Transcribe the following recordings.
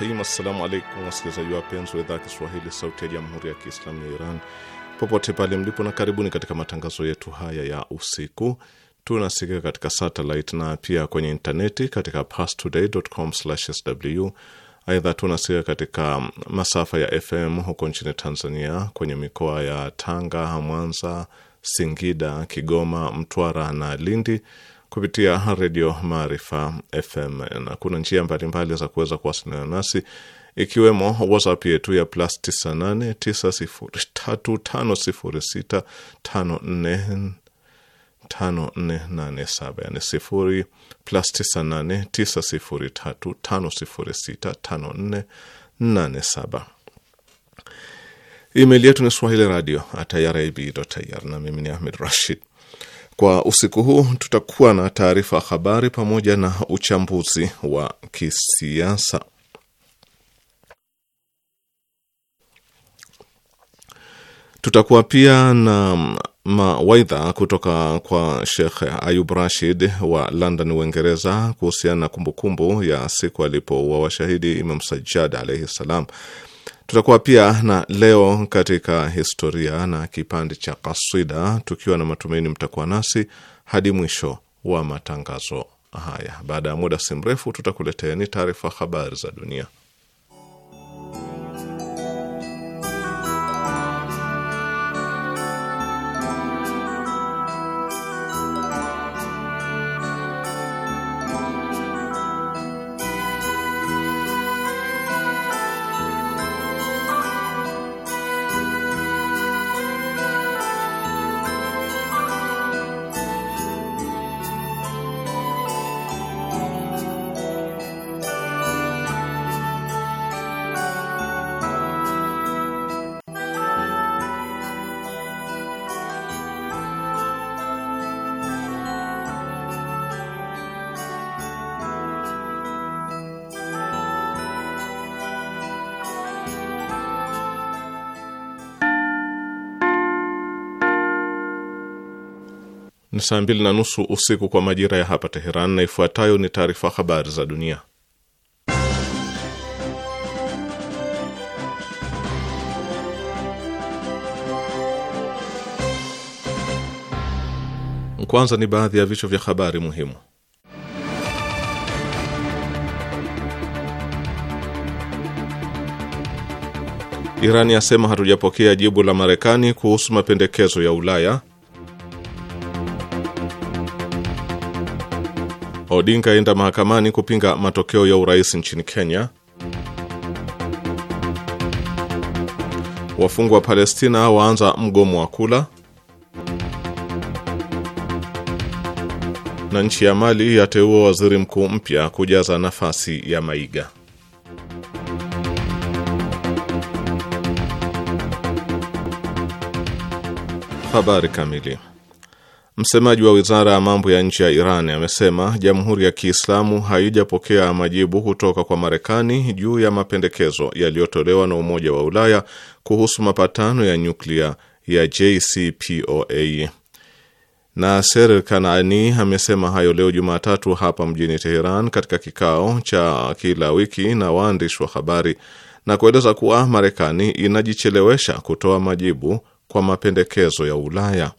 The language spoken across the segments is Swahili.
rahim. Assalamu alaikum wasikilizaji wapenzi wa idhaa ya Kiswahili sauti ya jamhuri ya Kiislamu ya Iran popote pale mlipo, na karibuni katika matangazo yetu haya ya usiku. Tunasikika katika satelit na pia kwenye intaneti katika pastoday.com/sw. Aidha, tunasikika katika masafa ya FM huko nchini Tanzania kwenye mikoa ya Tanga, Mwanza, Singida, Kigoma, Mtwara na Lindi kupitia redio Maarifa FM na kuna njia mbalimbali za kuweza kuwasiliana nasi ikiwemo WhatsApp yetu ya plus 9890350654 5487 yani sifuri plus 989035065487. Email yetu ni swahili radio at irib.ir, na mimi ni Ahmed Rashid. Kwa usiku huu tutakuwa na taarifa habari pamoja na uchambuzi wa kisiasa. Tutakuwa pia na mawaidha kutoka kwa Sheikh Ayub Rashid wa London, Uingereza, kuhusiana na kumbukumbu ya siku alipouawa shahidi Imam Sajjad alaihi ssalam. Tutakuwa pia na leo katika historia na kipande cha kasida, tukiwa na matumaini mtakuwa nasi hadi mwisho wa matangazo haya. Baada ya muda si mrefu, tutakuleteeni taarifa habari za dunia. saa mbili na nusu usiku kwa majira ya hapa Teheran, na ifuatayo ni taarifa habari za dunia. Kwanza ni baadhi ya vichwa vya habari muhimu. Irani yasema hatujapokea jibu la Marekani kuhusu mapendekezo ya Ulaya. Odinga aenda mahakamani kupinga matokeo ya urais nchini Kenya. Wafungwa wa Palestina waanza mgomo wa kula. Na nchi ya Mali yateua waziri mkuu mpya kujaza nafasi ya Maiga. Habari kamili. Msemaji wa wizara ya mambo ya nje ya Iran amesema jamhuri ya Kiislamu haijapokea majibu kutoka kwa Marekani juu ya mapendekezo yaliyotolewa na Umoja wa Ulaya kuhusu mapatano ya nyuklia ya JCPOA. Naser Kanaani amesema hayo leo Jumatatu hapa mjini Teheran katika kikao cha kila wiki na waandishi wa habari na kueleza kuwa Marekani inajichelewesha kutoa majibu kwa mapendekezo ya Ulaya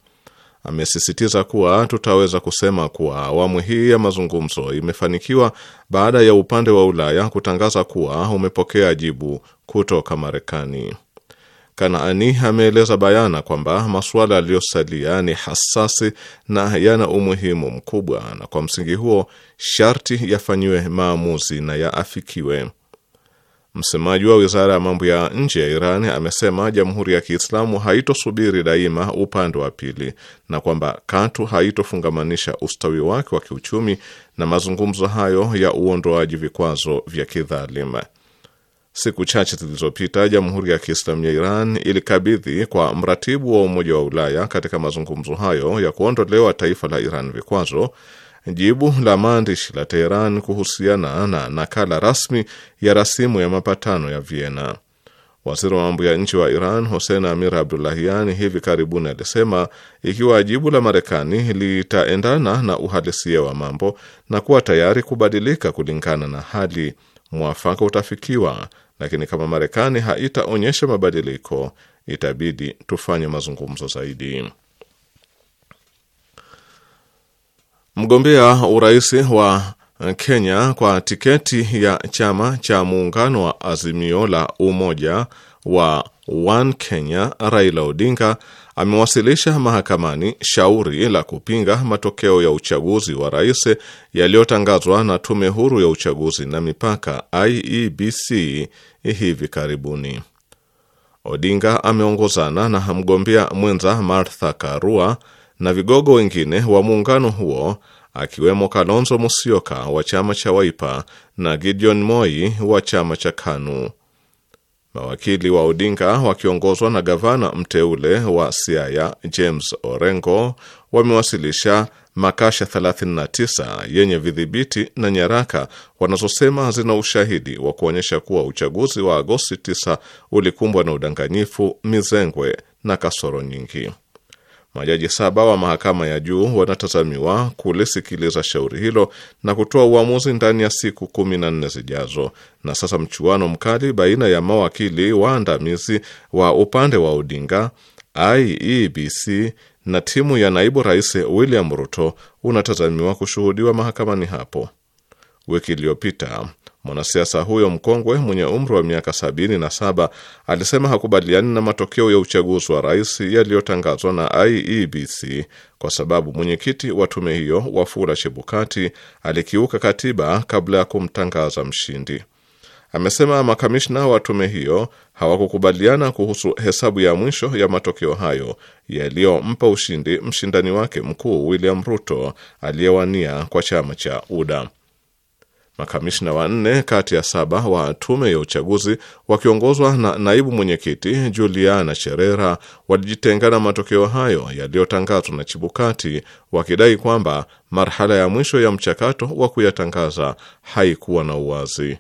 amesisitiza kuwa tutaweza kusema kuwa awamu hii ya mazungumzo imefanikiwa baada ya upande wa Ulaya kutangaza kuwa umepokea jibu kutoka Marekani. Kanaani ameeleza bayana kwamba masuala yaliyosalia ni hasasi na yana umuhimu mkubwa, na kwa msingi huo sharti yafanyiwe maamuzi na yaafikiwe. Msemaji wa wizara ya mambo ya nje ya Iran amesema jamhuri ya Kiislamu haitosubiri daima upande wa pili na kwamba katu haitofungamanisha ustawi wake wa kiuchumi na mazungumzo hayo ya uondoaji vikwazo vya kidhalima Siku chache zilizopita jamhuri ya Kiislamu ya Iran ilikabidhi kwa mratibu wa Umoja wa Ulaya katika mazungumzo hayo ya kuondolewa taifa la Iran vikwazo Jibu la maandishi la Teheran kuhusiana na nakala rasmi ya rasimu ya mapatano ya Vienna. Waziri wa mambo ya nchi wa Iran Hossein Amir Abdullahian hivi karibuni alisema ikiwa jibu la Marekani litaendana na uhalisia wa mambo na kuwa tayari kubadilika kulingana na hali, mwafaka utafikiwa, lakini kama Marekani haitaonyesha mabadiliko, itabidi tufanye mazungumzo zaidi. Mgombea urais wa Kenya kwa tiketi ya chama cha muungano wa Azimio la Umoja wa One Kenya, Raila Odinga amewasilisha mahakamani shauri la kupinga matokeo ya uchaguzi wa rais yaliyotangazwa na Tume Huru ya Uchaguzi na Mipaka IEBC hivi karibuni. Odinga ameongozana na mgombea mwenza Martha Karua na vigogo wengine wa muungano huo akiwemo Kalonzo Musyoka wa chama cha waipa na Gideon Moi wa chama cha KANU. Mawakili wa Odinga wakiongozwa na gavana mteule wa Siaya James Orengo wamewasilisha makasha 39 yenye vidhibiti na nyaraka wanazosema zina ushahidi wa kuonyesha kuwa uchaguzi wa Agosti 9 ulikumbwa na udanganyifu, mizengwe na kasoro nyingi. Majaji saba wa mahakama ya juu wanatazamiwa kulisikiliza shauri hilo na kutoa uamuzi ndani ya siku kumi na nne zijazo. Na sasa mchuano mkali baina ya mawakili waandamizi wa upande wa Odinga, IEBC na timu ya naibu rais William Ruto unatazamiwa kushuhudiwa mahakamani hapo. Wiki iliyopita Mwanasiasa huyo mkongwe mwenye umri wa miaka sabini na saba alisema hakubaliani na matokeo ya uchaguzi wa rais yaliyotangazwa na IEBC kwa sababu mwenyekiti wa tume hiyo Wafula Chebukati alikiuka katiba kabla ya kumtangaza mshindi. Amesema makamishna wa tume hiyo hawakukubaliana kuhusu hesabu ya mwisho ya matokeo hayo yaliyompa ushindi mshindani wake mkuu William Ruto aliyewania kwa chama cha UDA. Makamishna wanne kati ya saba wa tume ya uchaguzi wakiongozwa na naibu mwenyekiti Juliana Cherera walijitenga na matokeo hayo yaliyotangazwa na Chibukati wakidai kwamba marhala ya mwisho ya mchakato wa kuyatangaza haikuwa na uwazi.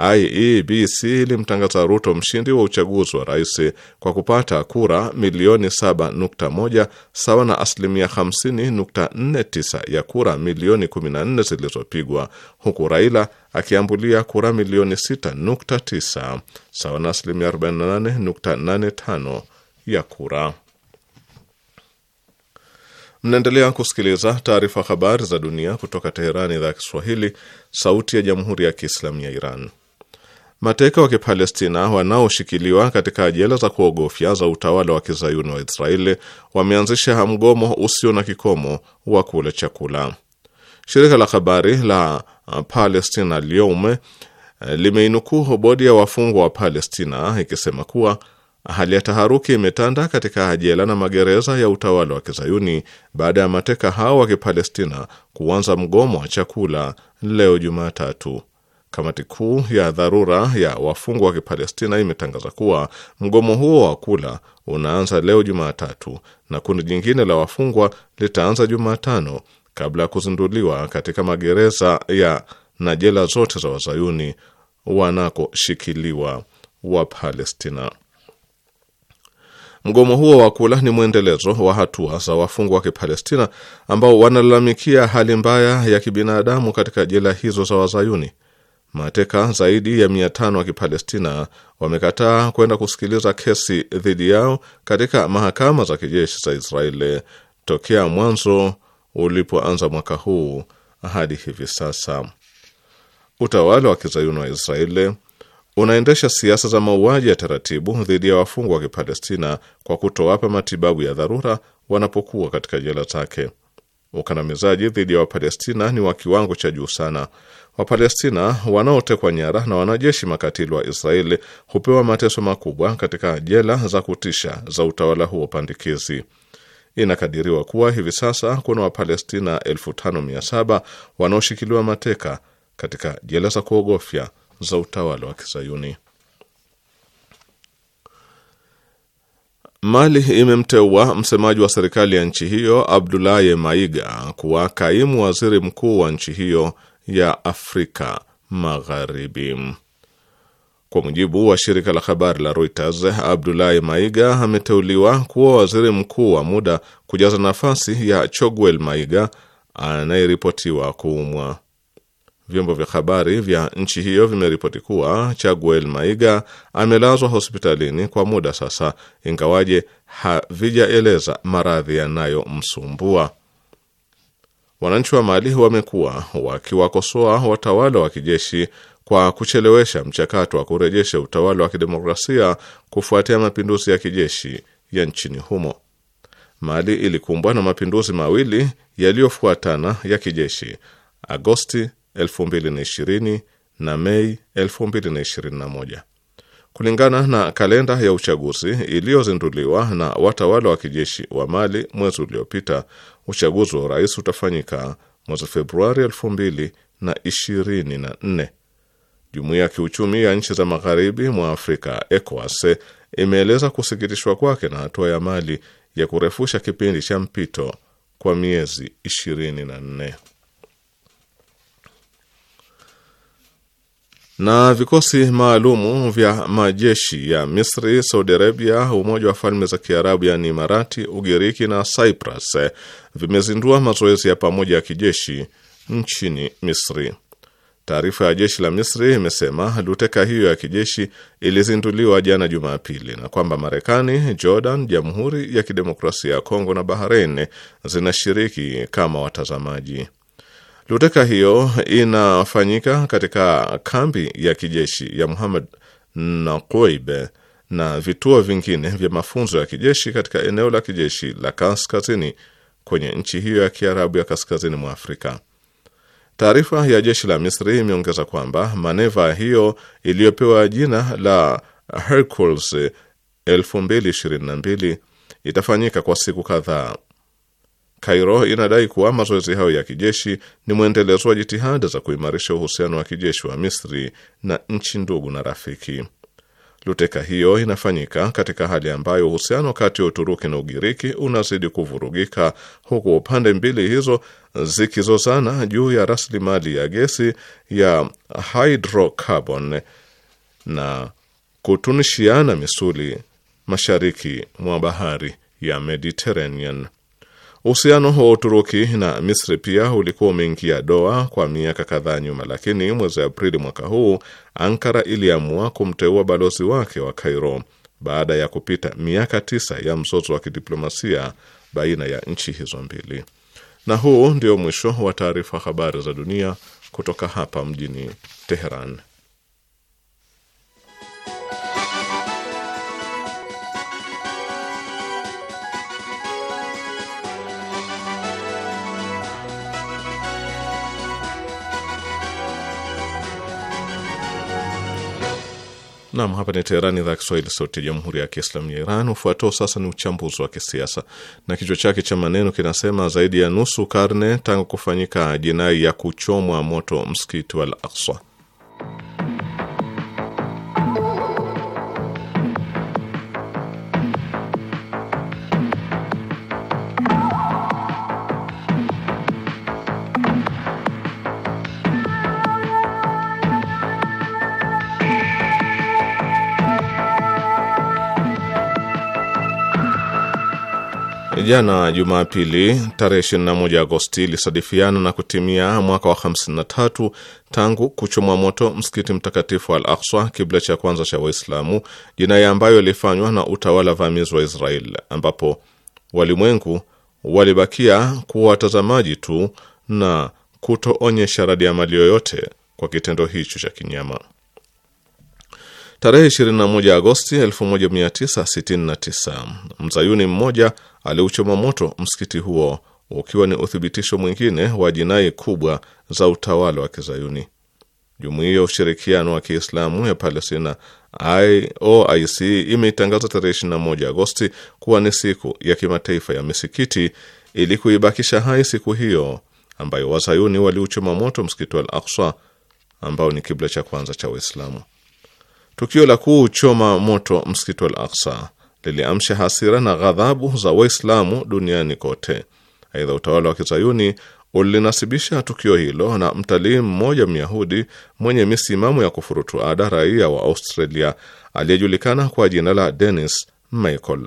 IEBC ilimtangaza Ruto mshindi wa uchaguzi wa rais kwa kupata kura milioni 7.1 sawa na asilimia 50.49 ya kura milioni 14 zilizopigwa, huku Raila akiambulia kura milioni 6.9 sawa na asilimia 48.85 ya kura. Mnaendelea kusikiliza taarifa habari za dunia kutoka Teherani, idhaa ya Kiswahili, sauti ya jamhuri ya kiislamu ya Iran. Mateka wa Kipalestina wanaoshikiliwa katika jela za kuogofya za utawala wa kizayuni wa Israeli wameanzisha mgomo usio na kikomo wa kula chakula. Shirika la habari la Palestina liome eh, limeinukuu bodi ya wafungwa wa Palestina ikisema kuwa hali ya taharuki imetanda katika jela na magereza ya utawala wa kizayuni baada ya mateka hao wa Kipalestina kuanza mgomo wa chakula leo Jumatatu. Kamati kuu ya dharura ya wafungwa wa Kipalestina imetangaza kuwa mgomo huo wa kula unaanza leo Jumatatu na kundi jingine la wafungwa litaanza Jumatano kabla ya kuzinduliwa katika magereza ya na jela zote za wazayuni wanakoshikiliwa wa Palestina. Mgomo huo wa kula ni mwendelezo wa hatua za wafungwa wa Kipalestina ambao wanalalamikia hali mbaya ya kibinadamu katika jela hizo za wazayuni. Mateka zaidi ya mia tano wa Kipalestina wamekataa kwenda kusikiliza kesi dhidi yao katika mahakama za kijeshi za Israeli tokea mwanzo ulipoanza mwaka huu hadi hivi sasa. Utawala wa kizayuni wa Israeli unaendesha siasa za mauaji ya taratibu dhidi ya wafungwa wa Kipalestina kwa kutowapa matibabu ya dharura wanapokuwa katika jela zake. Ukandamizaji dhidi ya Wapalestina ni wa kiwango cha juu sana Wapalestina wanaotekwa nyara na wanajeshi makatili wa Israeli hupewa mateso makubwa katika jela za kutisha za utawala huo pandikizi. Inakadiriwa kuwa hivi sasa kuna Wapalestina 57 wanaoshikiliwa mateka katika jela za kuogofya za utawala wa Kisayuni. Mali imemteua msemaji wa serikali ya nchi hiyo Abdulaye Maiga kuwa kaimu waziri mkuu wa nchi hiyo ya Afrika Magharibi. Kwa mujibu wa shirika la habari la Reuters, Abdulahi Maiga ameteuliwa kuwa waziri mkuu wa muda kujaza nafasi ya Choguel Maiga anayeripotiwa kuumwa. Vyombo vya habari vya nchi hiyo vimeripoti kuwa Chaguel Maiga amelazwa hospitalini kwa muda sasa, ingawaje havijaeleza maradhi yanayomsumbua. Wananchi wa Mali wamekuwa wakiwakosoa watawala wa kijeshi kwa kuchelewesha mchakato wa kurejesha utawala wa kidemokrasia kufuatia mapinduzi ya kijeshi ya nchini humo. Mali ilikumbwa na mapinduzi mawili yaliyofuatana ya kijeshi Agosti 2020 na Mei 2021. Kulingana na kalenda ya uchaguzi iliyozinduliwa na watawala wa kijeshi wa Mali mwezi uliopita, Uchaguzi wa urais utafanyika mwezi Februari elfu mbili Jumuiya ya kiuchumi ya nchi za magharibi mwa Afrika ECOWAS imeeleza kusikitishwa kwake na hatua ya Mali ya kurefusha kipindi cha mpito kwa miezi 24. Na vikosi maalumu vya majeshi ya Misri, Saudi Arabia, Umoja wa Falme za Kiarabu yaani Imarati, Ugiriki na Cyprus eh, vimezindua mazoezi ya pamoja ya kijeshi nchini Misri. Taarifa ya jeshi la Misri imesema luteka hiyo ya kijeshi ilizinduliwa jana Jumapili na kwamba Marekani, Jordan, Jamhuri ya Kidemokrasia ya Kongo na Bahrain zinashiriki kama watazamaji. Luteka hiyo inafanyika katika kambi ya kijeshi ya Muhammad na Kuwaibe na vituo vingine vya mafunzo ya kijeshi katika eneo la kijeshi la kaskazini kwenye nchi hiyo ya Kiarabu ya kaskazini mwa Afrika. Taarifa ya jeshi la Misri imeongeza kwamba maneva hiyo iliyopewa jina la Hercules 2022 itafanyika kwa siku kadhaa Kairo inadai kuwa mazoezi hayo ya kijeshi ni mwendelezo wa jitihada za kuimarisha uhusiano wa kijeshi wa Misri na nchi ndugu na rafiki. Luteka hiyo inafanyika katika hali ambayo uhusiano kati ya Uturuki na Ugiriki unazidi kuvurugika, huku pande mbili hizo zikizozana juu ya rasilimali ya gesi ya hydrocarbon na kutunishiana misuli mashariki mwa bahari ya Mediterranean. Uhusiano wa Uturuki na Misri pia ulikuwa umeingia doa kwa miaka kadhaa nyuma, lakini mwezi Aprili mwaka huu Ankara iliamua kumteua balozi wake wa Kairo baada ya kupita miaka tisa ya mzozo wa kidiplomasia baina ya nchi hizo mbili. Na huu ndio mwisho wa taarifa habari za dunia kutoka hapa mjini Teheran. Nam, hapa ni Teherani, idhaa ya Kiswahili, sauti ya jamhuri ya kiislamu ya Iran. Ufuatao sasa ni uchambuzi wa kisiasa na kichwa chake cha maneno kinasema: zaidi ya nusu karne tangu kufanyika jinai ya kuchomwa moto msikiti wa Al-Aqsa. jana Jumapili tarehe 21 Agosti ilisadifiana na kutimia mwaka wa 53 tangu kuchomwa moto msikiti mtakatifu Al Aqsa, kibla cha kwanza cha Waislamu, jinai ambayo ilifanywa na utawala vamizi wa Israel, ambapo walimwengu walibakia kuwa watazamaji tu na kutoonyesha radi ya mali yoyote kwa kitendo hicho cha kinyama. Tarehe 21 Agosti 1969 mzayuni mmoja aliuchoma moto msikiti huo ukiwa ni uthibitisho mwingine wa jinai kubwa za utawala wa kizayuni. Jumuiya ya Ushirikiano wa Kiislamu ya Palestina IOIC imeitangaza tarehe 21 Agosti kuwa ni siku ya kimataifa ya misikiti ili kuibakisha hai siku hiyo ambayo wazayuni waliuchoma moto msikiti wa Al-Aqsa ambao ni kibla cha kwanza cha Waislamu. Tukio la kuchoma moto msikiti Al Aksa liliamsha hasira na ghadhabu za Waislamu duniani kote. Aidha, utawala wa kizayuni ulinasibisha tukio hilo na mtalii mmoja myahudi mwenye misimamo ya kufurutu ada raia wa Australia aliyejulikana kwa jina la Dennis Michael.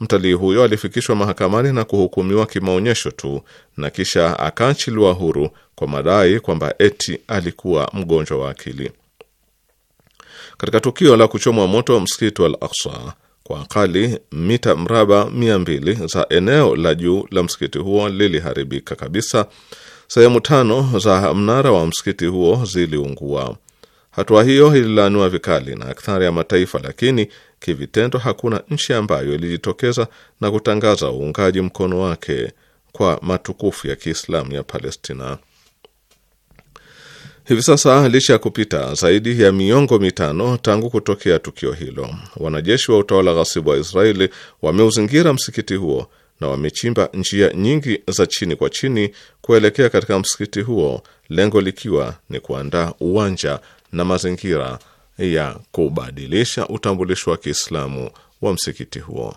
Mtalii huyo alifikishwa mahakamani na kuhukumiwa kimaonyesho tu na kisha akaachiliwa huru kwa madai kwamba eti alikuwa mgonjwa wa akili katika tukio la kuchomwa moto msikiti wa Al-Aqsa kwa akali mita mraba 200 za eneo la juu la msikiti huo liliharibika kabisa. Sehemu tano za mnara wa msikiti huo ziliungua. Hatua hiyo ililaaniwa vikali na akthari ya mataifa, lakini kivitendo hakuna nchi ambayo ilijitokeza na kutangaza uungaji mkono wake kwa matukufu ya Kiislamu ya Palestina. Hivi sasa licha ya kupita zaidi ya miongo mitano tangu kutokea tukio hilo, wanajeshi wa utawala ghasibu wa Israeli wameuzingira msikiti huo na wamechimba njia nyingi za chini kwa chini kuelekea katika msikiti huo, lengo likiwa ni kuandaa uwanja na mazingira ya kubadilisha utambulisho wa Kiislamu wa msikiti huo.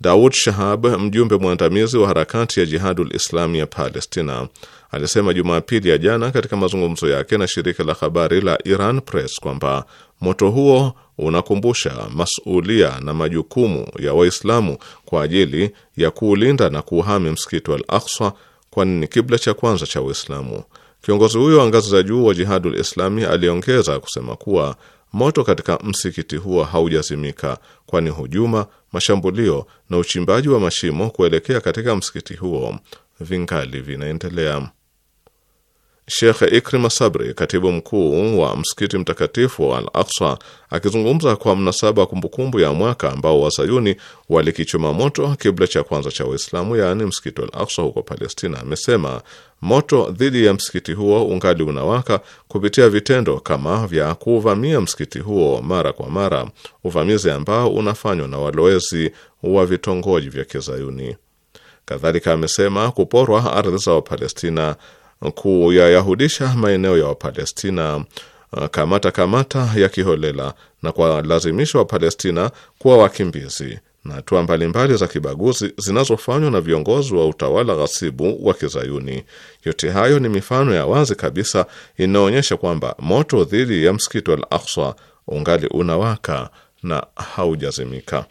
Daud Shahab, mjumbe mwandamizi wa harakati ya Jihadul Islami ya Palestina, alisema Jumapili ya jana katika mazungumzo yake na shirika la habari la Iran Press kwamba moto huo unakumbusha masulia na majukumu ya Waislamu kwa ajili ya kuulinda na kuuhami msikiti wa Al Aqsa, kwani ni kibla cha kwanza cha Waislamu. Kiongozi huyo wa ngazi za juu wa Jihadul Islami aliongeza kusema kuwa moto katika msikiti huo haujazimika, kwani hujuma mashambulio na uchimbaji wa mashimo kuelekea katika msikiti huo vingali vinaendelea. Shekh Ikrima Sabri, katibu mkuu wa msikiti mtakatifu wa Al Aksa, akizungumza kwa mnasaba kumbukumbu ya mwaka ambao wazayuni walikichoma moto kibla cha kwanza cha Waislamu, yaani msikiti wa Al Aksa huko Palestina, amesema moto dhidi ya msikiti huo ungali unawaka kupitia vitendo kama vya kuuvamia msikiti huo mara kwa mara, uvamizi ambao unafanywa na walowezi wa vitongoji vya Kizayuni. Kadhalika amesema kuporwa ardhi za Wapalestina kuyayahudisha maeneo ya Wapalestina uh, kamata kamata ya kiholela na kuwalazimisha Wapalestina kuwa wakimbizi na hatua mbalimbali za kibaguzi zinazofanywa na viongozi wa utawala ghasibu wa Kizayuni. Yote hayo ni mifano ya wazi kabisa inaonyesha kwamba moto dhidi ya msikiti Al Aqsa ungali unawaka na haujazimika.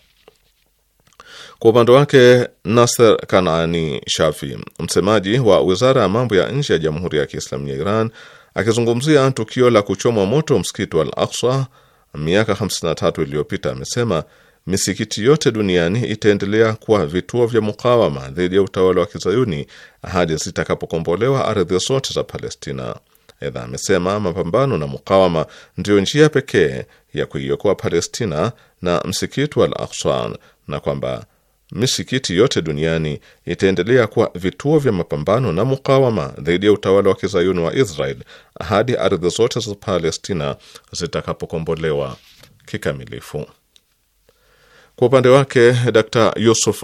Kwa upande wake Nasser kanani Shafi, msemaji wa wizara ya mambo ya nje ya Jamhuri ya Kiislamu ya Iran, akizungumzia tukio la kuchomwa moto msikiti wa Al Aqsa miaka 53 iliyopita, amesema misikiti yote duniani itaendelea kuwa vituo vya mukawama dhidi ya utawala wa kizayuni hadi zitakapokombolewa ardhi zote za Palestina. Aidha amesema mapambano na mukawama ndiyo njia pekee ya kuiokoa Palestina na msikiti wa Al Aqsa na kwamba misikiti yote duniani itaendelea kuwa vituo vya mapambano na mukawama dhidi ya utawala wa kizayuni wa Israel hadi ardhi zote za Palestina zitakapokombolewa kikamilifu. Kwa upande wake, Dr Yusuf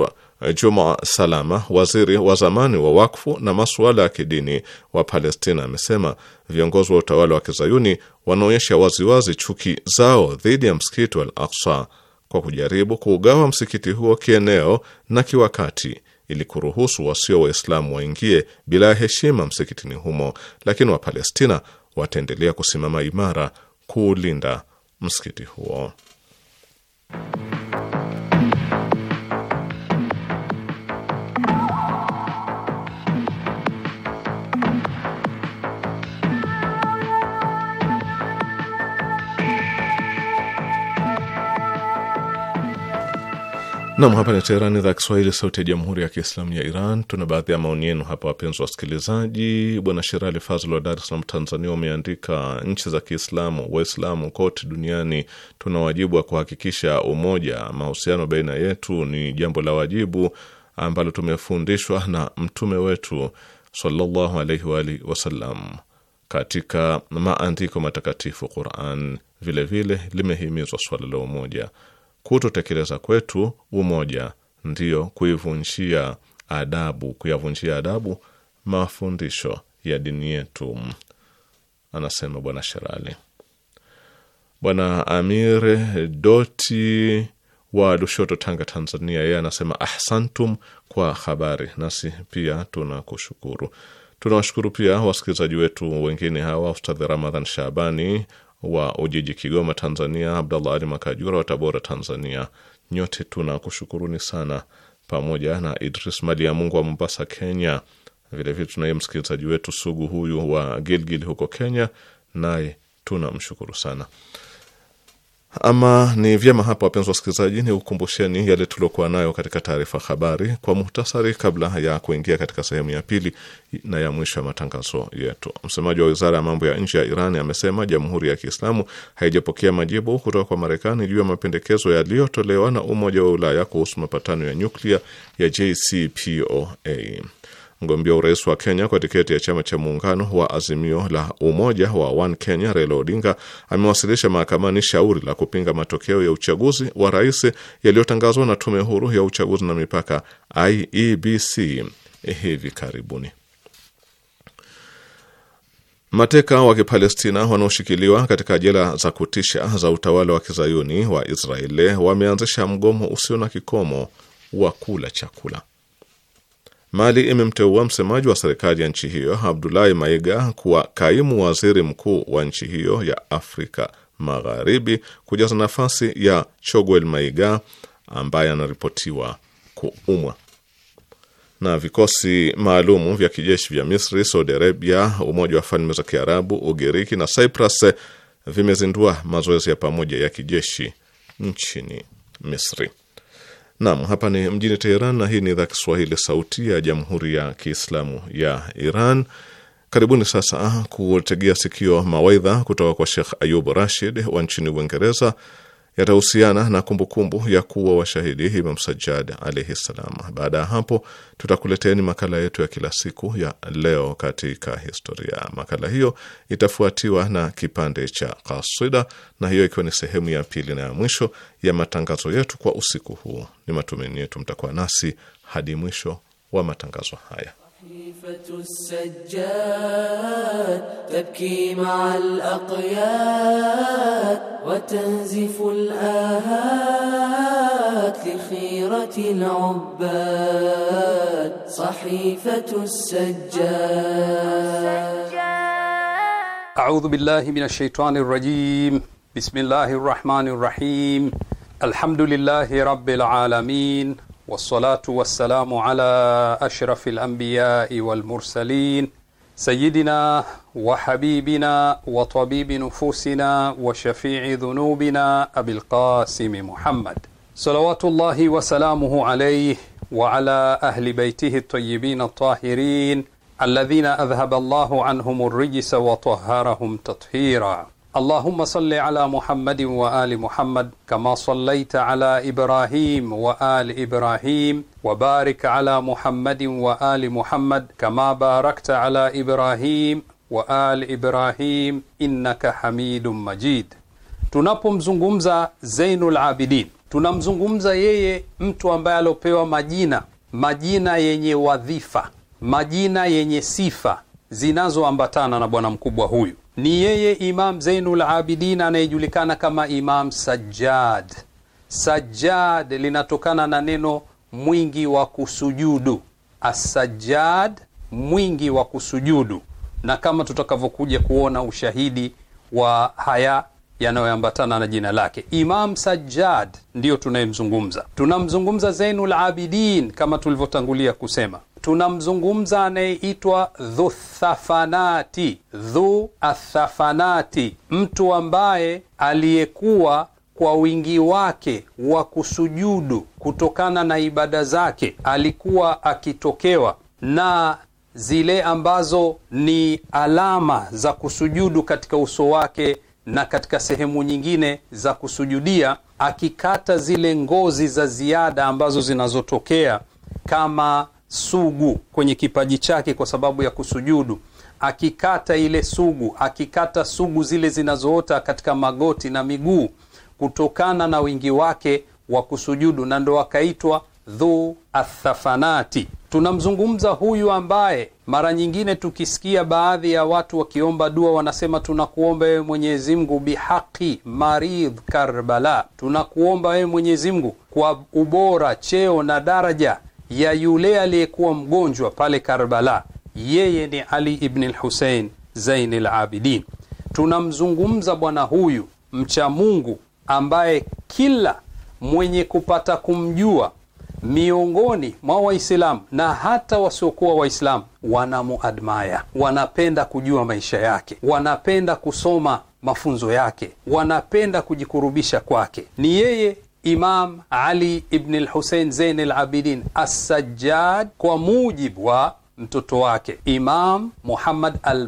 Juma Salama, waziri wa zamani wa wakfu na masuala ya kidini wa Palestina, amesema viongozi wa utawala wa kizayuni wanaonyesha waziwazi chuki zao dhidi ya msikiti wa Al Aksa kwa kujaribu kuugawa msikiti huo kieneo na kiwakati ili kuruhusu wasio Waislamu waingie bila ya heshima msikitini humo, lakini Wapalestina wataendelea kusimama imara kuulinda msikiti huo. Nam, hapa ni Teherani, idhaa ya Kiswahili, sauti ya jamhuri ya kiislamu ya Iran. Tuna baadhi ya maoni yenu hapa, wapenzi wasikilizaji. Bwana Sherali Fazl wa Dar es Salaam, Tanzania, umeandika nchi za Kiislamu, Waislamu kote duniani tuna wajibu wa kuhakikisha umoja. Mahusiano baina yetu ni jambo la wajibu ambalo tumefundishwa na mtume wetu sallallahu alaihi wa alihi wasallam katika maandiko matakatifu Quran. Vilevile limehimizwa swala la umoja kutotekeleza kwetu umoja ndiyo kuivunjia adabu, kuyavunjia adabu mafundisho ya dini yetu, anasema Bwana Sherali. Bwana Amir Doti wa Lushoto, Tanga, Tanzania, yeye anasema ahsantum kwa habari, nasi pia tunakushukuru. Tunawashukuru pia wasikilizaji wetu wengine hawa, Ustadhi Ramadhan Shabani wa Ujiji, Kigoma, Tanzania, Abdallah Ali Makajura wa Tabora, Tanzania. Nyote tuna kushukuruni sana, pamoja na Idris Mali ya Mungu wa Mombasa, Kenya. Vilevile tunaye msikilizaji wetu sugu huyu wa Gilgil huko Kenya, naye tuna mshukuru sana. Ama ni vyema hapa, wapenzi wasikilizaji, ni ukumbusheni yale tuliokuwa nayo katika taarifa habari kwa muhtasari, kabla ya kuingia katika sehemu ya pili na ya mwisho ya matangazo yetu. Msemaji wa wizara ya mambo ya nje ya Iran amesema Jamhuri ya Kiislamu haijapokea majibu kutoka kwa Marekani juu ya mapendekezo yaliyotolewa na Umoja wa Ulaya kuhusu mapatano ya nyuklia ya JCPOA mgombea urais wa Kenya kwa tiketi ya chama cha muungano wa Azimio la Umoja wa One Kenya, Raila Odinga amewasilisha mahakamani shauri la kupinga matokeo ya uchaguzi wa rais yaliyotangazwa na Tume Huru ya Uchaguzi na Mipaka IEBC hivi karibuni. Mateka wa Kipalestina wanaoshikiliwa katika jela za kutisha za utawala wa kizayuni wa Israeli wameanzisha mgomo usio na kikomo wa kula chakula. Mali imemteua msemaji wa serikali ya nchi hiyo Abdulahi Maiga kuwa kaimu waziri mkuu wa nchi hiyo ya Afrika Magharibi kujaza nafasi ya Choguel Maiga ambaye anaripotiwa kuumwa. Na vikosi maalumu vya kijeshi vya Misri, Saudi Arabia, Umoja wa Falme za Kiarabu, Ugiriki na Cyprus vimezindua mazoezi ya pamoja ya kijeshi nchini Misri. Naam, hapa ni mjini Teheran na hii ni idhaa Kiswahili sauti ya Jamhuri ya Kiislamu ya Iran. Karibuni sasa kutegea sikio mawaidha kutoka kwa shekh Ayub Rashid wa nchini Uingereza yatahusiana na kumbukumbu kumbu ya kuwa washahidi Imam Sajjad alaihi ssalam. Baada ya hapo, tutakuleteni makala yetu ya kila siku ya leo katika historia. Makala hiyo itafuatiwa na kipande cha kasida, na hiyo ikiwa ni sehemu ya pili na ya mwisho ya matangazo yetu kwa usiku huu. Ni matumaini yetu mtakuwa nasi hadi mwisho wa matangazo haya. السجاد تبكي مع الأقياد وتنزف الآهات لخيرة العباد صحيفة السجاد أعوذ بالله من الشيطان الرجيم بسم الله الرحمن الرحيم الحمد لله رب العالمين والصلاة والسلام على أشرف الأنبياء والمرسلين سيدنا وحبيبنا وطبيب نفوسنا وشفيع ذنوبنا أبي القاسم محمد صلوات الله وسلامه عليه وعلى أهل بيته الطيبين الطاهرين الذين أذهب الله عنهم الرجس وطهرهم تطهيرا اللهم صل على محمد وآل محمد كما صليت على إبراهيم وآل إبراهيم وبارك على محمد وآل محمد كما باركت على إبراهيم وآل إبراهيم إنك حميد مجيد tunapomzungumza Zainul Abidin tunamzungumza yeye mtu ambaye aliopewa majina majina yenye wadhifa majina yenye sifa zinazoambatana na bwana mkubwa huyu ni yeye Imam Zainul Abidin anayejulikana kama Imam Sajjad. Sajjad linatokana na neno mwingi wa kusujudu, asajjad, mwingi wa kusujudu, na kama tutakavyokuja kuona ushahidi wa haya yanayoambatana na jina lake Imam Sajjad, ndiyo tunayemzungumza. Tunamzungumza Zainul Abidin kama tulivyotangulia kusema tunamzungumza anayeitwa dhuthafanati dhu athafanati, mtu ambaye aliyekuwa kwa wingi wake wa kusujudu kutokana na ibada zake alikuwa akitokewa na zile ambazo ni alama za kusujudu katika uso wake na katika sehemu nyingine za kusujudia, akikata zile ngozi za ziada ambazo zinazotokea kama sugu kwenye kipaji chake kwa sababu ya kusujudu, akikata ile sugu, akikata sugu zile zinazoota katika magoti na miguu kutokana na wingi wake wa kusujudu, na ndo akaitwa dhu athafanati. Tunamzungumza huyu ambaye mara nyingine tukisikia baadhi ya watu wakiomba dua wanasema, tunakuomba wewe Mwenyezi Mungu bihaqi maridh Karbala, tunakuomba wewe Mwenyezi Mungu kwa ubora, cheo na daraja ya yule aliyekuwa mgonjwa pale Karbala, yeye ni Ali ibn al-Husayn Zain al Tunamzungumza bwana huyu mcha Mungu ambaye kila mwenye kupata kumjua miongoni mwa Waislamu na hata wasiokuwa Waislamu wanamuadmaya, wanapenda kujua maisha yake, wanapenda kusoma mafunzo yake, wanapenda kujikurubisha kwake. Ni yeye Imam Ali ibn lhusein zein Zain al kwa mujibu wa mtoto wake Imam Muhammad al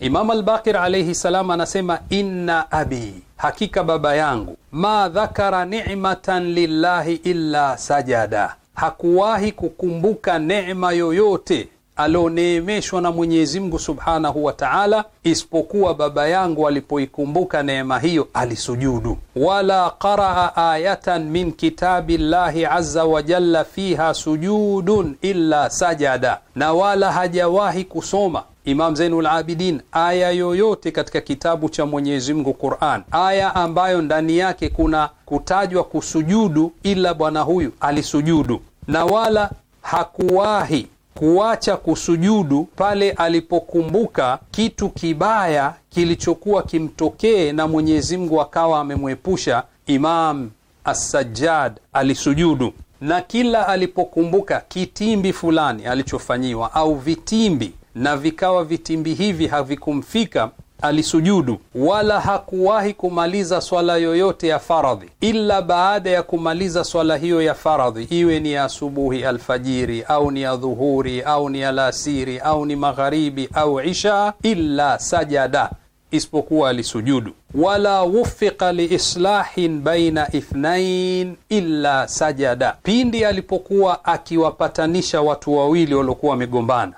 Imam al-Baqir salam anasema inna abi, hakika baba yangu, ma dhakara ni'matan lillahi illa sajada, hakuwahi kukumbuka neema yoyote alioneemeshwa na Mwenyezi Mungu subhanahu wa taala, isipokuwa baba yangu alipoikumbuka neema hiyo alisujudu. Wala qaraa ayatan min kitabi llahi azza wa jalla fiha sujudun illa sajada, na wala hajawahi kusoma Imam Zainul Abidin aya yoyote katika kitabu cha Mwenyezi Mungu Quran, aya ambayo ndani yake kuna kutajwa kusujudu, ila bwana huyu alisujudu, na wala hakuwahi kuacha kusujudu pale alipokumbuka kitu kibaya kilichokuwa kimtokee na Mwenyezi Mungu akawa amemwepusha. Imam Assajjad alisujudu na kila alipokumbuka kitimbi fulani alichofanyiwa au vitimbi, na vikawa vitimbi hivi havikumfika alisujudu wala hakuwahi kumaliza swala yoyote ya faradhi illa baada ya kumaliza swala hiyo ya faradhi, iwe ni ya asubuhi alfajiri, au ni ya dhuhuri, au ni alasiri, au ni magharibi au isha, illa sajada, isipokuwa alisujudu. Wala wufiqa liislahin baina ithnain illa sajada, pindi alipokuwa akiwapatanisha watu wawili waliokuwa wamegombana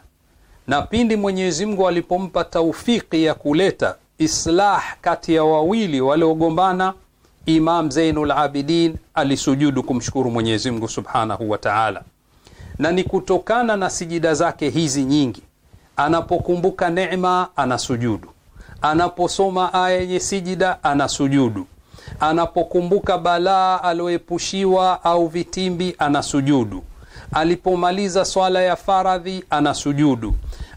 na pindi Mwenyezi Mungu alipompa taufiki ya kuleta islah kati ya wawili waliogombana, Imam Zainul Abidin alisujudu kumshukuru Mwenyezi Mungu subhanahu wa taala, na ni kutokana na sijida zake hizi nyingi. Anapokumbuka neema anasujudu, anaposoma aya yenye sijida anasujudu, anapokumbuka balaa aliyoepushiwa au vitimbi anasujudu, alipomaliza swala ya faradhi anasujudu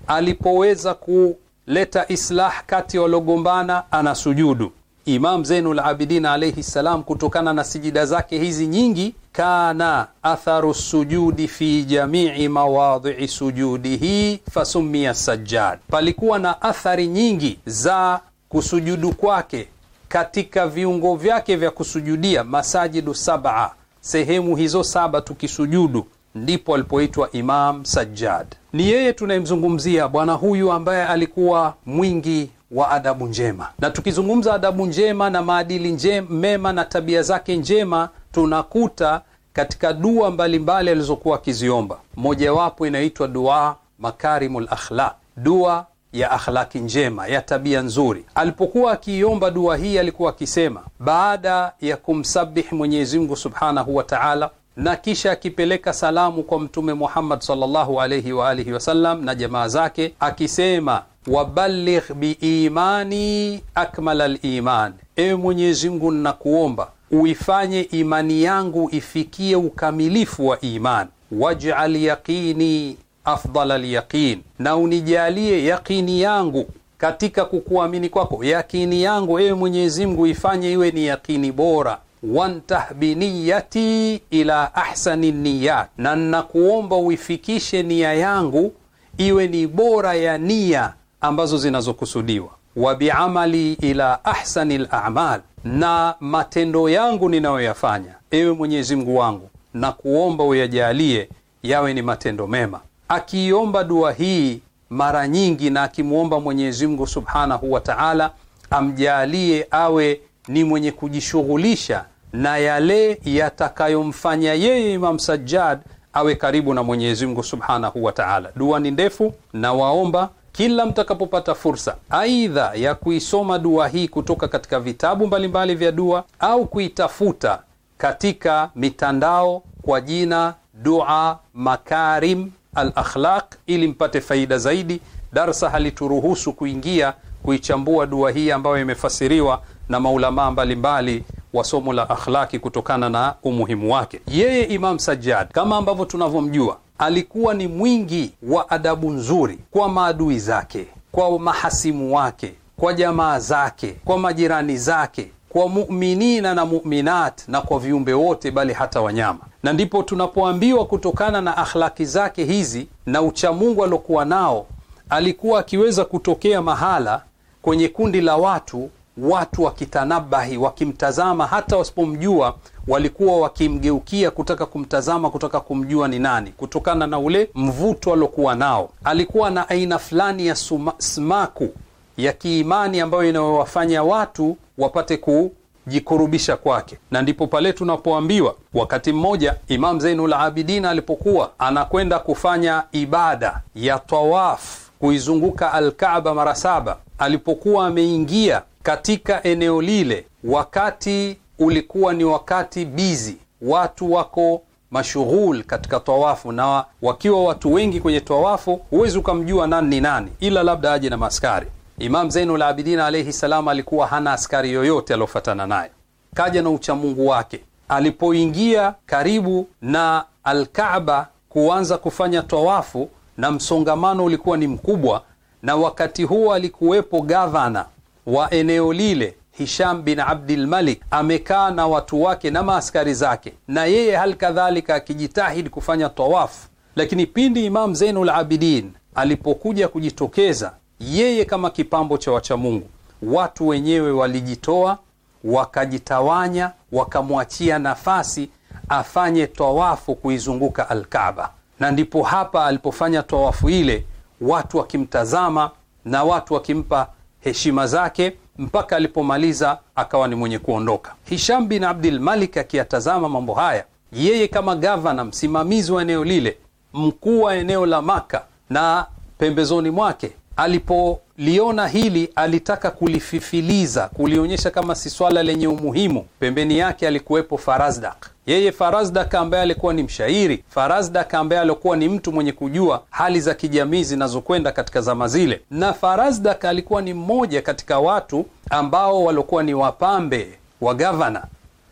alipoweza kuleta islah kati waliogombana anasujudu. Imam Zainul Abidin alayhi salam, kutokana na sijida zake hizi nyingi, kana atharu sujudi fi jamii mawadhii sujudihi fasummiya Sajjad, palikuwa na athari nyingi za kusujudu kwake katika viungo vyake vya kusujudia, masajidu sab'a, sehemu hizo saba tukisujudu ndipo alipoitwa Imam Sajjad. Ni yeye tunayemzungumzia bwana huyu ambaye alikuwa mwingi wa adabu njema, na tukizungumza adabu njema na maadili njema, mema na tabia zake njema tunakuta katika dua mbalimbali alizokuwa akiziomba, mojawapo inaitwa dua makarimul akhlaq, dua ya akhlaki njema ya tabia nzuri. Alipokuwa akiiomba dua hii, alikuwa akisema baada ya kumsabih Mwenyezi Mungu subhanahu wa taala na kisha akipeleka salamu kwa Mtume Muhammad sallallahu alayhi wa alihi wasallam na jamaa zake akisema, wabaligh biimani akmal liman, ewe Mwenyezi Mungu nnakuomba uifanye imani yangu ifikie ukamilifu wa iman, waj'al yaqini afdala lyaqin, na unijalie yaqini yangu katika kukuamini kwako, yaqini yangu ewe Mwenyezi Mungu ifanye iwe ni yaqini bora wantahbiniyati ila ahsani niyat, na nnakuomba uifikishe nia yangu iwe ni bora ya nia ambazo zinazokusudiwa. Wa biamali ila ahsani lamal, na matendo yangu ninayoyafanya, ewe Mwenyezi Mungu wangu, na kuomba uyajalie yawe ni matendo mema. Akiiomba dua hii mara nyingi na akimwomba Mwenyezi Mungu subhanahu wa taala amjalie awe ni mwenye kujishughulisha na yale yatakayomfanya yeye Imam Sajjad awe karibu na Mwenyezi Mungu subhanahu wa taala. Dua ni ndefu, na waomba kila mtakapopata fursa, aidha ya kuisoma dua hii kutoka katika vitabu mbalimbali vya dua au kuitafuta katika mitandao kwa jina Dua Makarim al Akhlaq, ili mpate faida zaidi. Darsa halituruhusu kuingia kuichambua dua hii ambayo imefasiriwa na maulamaa mbalimbali wa somo la akhlaki kutokana na umuhimu wake. Yeye Imam Sajjad kama ambavyo tunavyomjua, alikuwa ni mwingi wa adabu nzuri kwa maadui zake, kwa mahasimu wake, kwa jamaa zake, kwa majirani zake, kwa muminina na muminat, na kwa viumbe wote, bali hata wanyama. Na ndipo tunapoambiwa kutokana na akhlaki zake hizi na uchamungu aliokuwa nao, alikuwa akiweza kutokea mahala kwenye kundi la watu watu wakitanabahi, wakimtazama hata wasipomjua, walikuwa wakimgeukia kutaka kumtazama, kutaka kumjua ni nani, kutokana na ule mvuto aliokuwa nao. Alikuwa na aina fulani ya suma, smaku ya kiimani ambayo inayowafanya watu wapate kujikurubisha kwake, na ndipo pale tunapoambiwa wakati mmoja Imam Zainul Abidin alipokuwa anakwenda kufanya ibada ya tawaf kuizunguka Alkaaba mara saba, alipokuwa ameingia katika eneo lile, wakati ulikuwa ni wakati bizi, watu wako mashughul katika tawafu, na wakiwa watu wengi kwenye tawafu huwezi ukamjua nani ni nani, ila labda aje na maaskari. Imam Zainul Abidin alayhi salam alikuwa hana askari yoyote aliofatana naye, kaja na uchamungu wake. Alipoingia karibu na Alkaaba kuanza kufanya tawafu, na msongamano ulikuwa ni mkubwa, na wakati huo alikuwepo gavana wa eneo lile Hisham bin abdilmalik amekaa na watu wake na maaskari zake, na yeye hal kadhalika akijitahidi kufanya tawafu. Lakini pindi Imam Zainul Abidin alipokuja kujitokeza yeye kama kipambo cha wachamungu, watu wenyewe walijitoa wakajitawanya, wakamwachia nafasi afanye tawafu kuizunguka Alkaaba, na ndipo hapa alipofanya tawafu ile, watu wakimtazama na watu wakimpa heshima zake mpaka alipomaliza akawa ni mwenye kuondoka. Hisham bin Abdul Malik akiyatazama mambo haya, yeye kama gavana, msimamizi wa eneo lile, mkuu wa eneo la Maka na pembezoni mwake, alipoliona hili alitaka kulififiliza, kulionyesha kama si swala lenye umuhimu. Pembeni yake alikuwepo Farazdak yeye Farazdaka ambaye alikuwa ni mshairi, Farazdaka ambaye alikuwa ni mtu mwenye kujua hali za kijamii zinazokwenda katika zama zile, na Farazdaka alikuwa ni mmoja katika watu ambao waliokuwa ni wapambe wa gavana.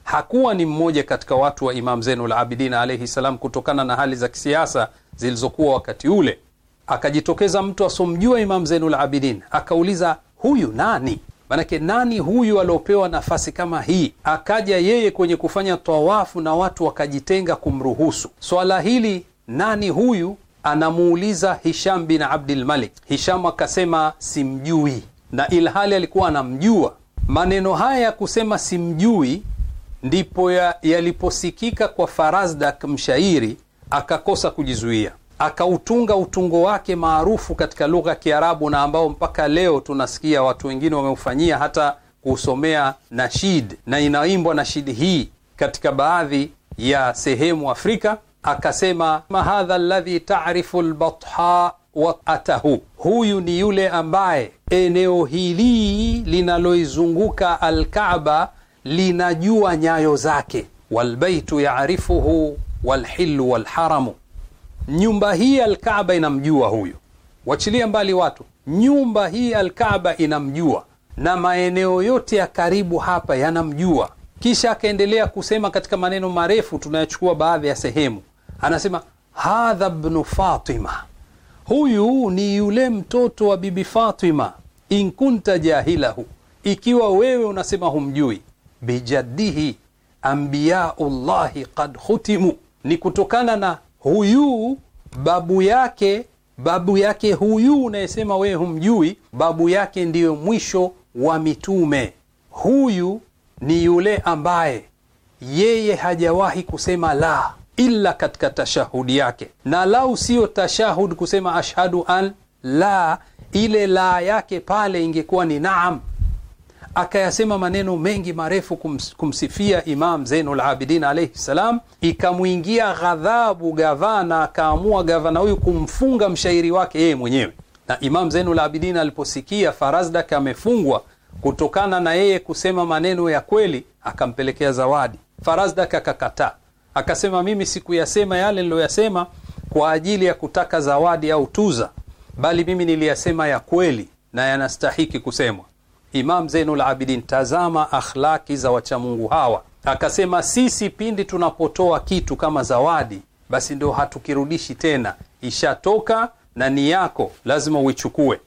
Hakuwa ni mmoja katika watu wa Imam Zenul Abidin alaihi salam, kutokana na hali za kisiasa zilizokuwa wakati ule. Akajitokeza mtu asomjua Imam Zenul Abidin, akauliza huyu nani? Manake nani huyu aliopewa nafasi kama hii, akaja yeye kwenye kufanya tawafu na watu wakajitenga kumruhusu swala hili? Nani huyu? Anamuuliza Hisham bin Abdul Malik. Hisham akasema simjui, na ilhali alikuwa anamjua. Maneno haya ya kusema simjui ndipo yaliposikika ya kwa Farazdak, mshairi, akakosa kujizuia akautunga utungo wake maarufu katika lugha ya Kiarabu na ambao mpaka leo tunasikia watu wengine wameufanyia hata kuusomea nashid, na inaimbwa nashid hii katika baadhi ya sehemu Afrika. Akasema, mahadha ladhi tarifu lbatha wa atahu, huyu ni yule ambaye eneo hili linaloizunguka alkaba linajua nyayo zake. Walbaitu yarifuhu walhilu walharamu nyumba hii Alkaaba inamjua huyu, wachilia mbali watu, nyumba hii Alkaaba inamjua na maeneo yote ya karibu hapa yanamjua. Kisha akaendelea kusema katika maneno marefu, tunayachukua baadhi ya sehemu. Anasema hadha bnu Fatima, huyu ni yule mtoto wa bibi Fatima. In kunta jahilahu, ikiwa wewe unasema humjui. Bijaddihi ambiyaullahi qad khutimu, ni kutokana na huyu babu yake babu yake huyu unayesema wewe humjui, babu yake ndiyo mwisho wa mitume. Huyu ni yule ambaye yeye hajawahi kusema la illa katika tashahudi yake, na lau siyo tashahud kusema ashhadu an la, ile la yake pale ingekuwa ni naam akayasema maneno mengi marefu kums, kumsifia Imam Zainul Abidin alaihi salam, ikamwingia ghadhabu gavana, akaamua gavana huyu kumfunga mshairi wake yeye mwenyewe. Na Imam Zainul Abidin aliposikia Farazdak amefungwa kutokana na yeye kusema maneno ya kweli, akampelekea zawadi. Farazdak akakataa, akasema mimi sikuyasema yale niliyoyasema kwa ajili ya kutaka zawadi au tuza, bali mimi niliyasema ya kweli na yanastahiki kusemwa. Imam Zainul Abidin, tazama akhlaki za wachamungu hawa. Akasema sisi pindi tunapotoa kitu kama zawadi, basi ndio hatukirudishi tena, ishatoka na ni yako, lazima uichukue.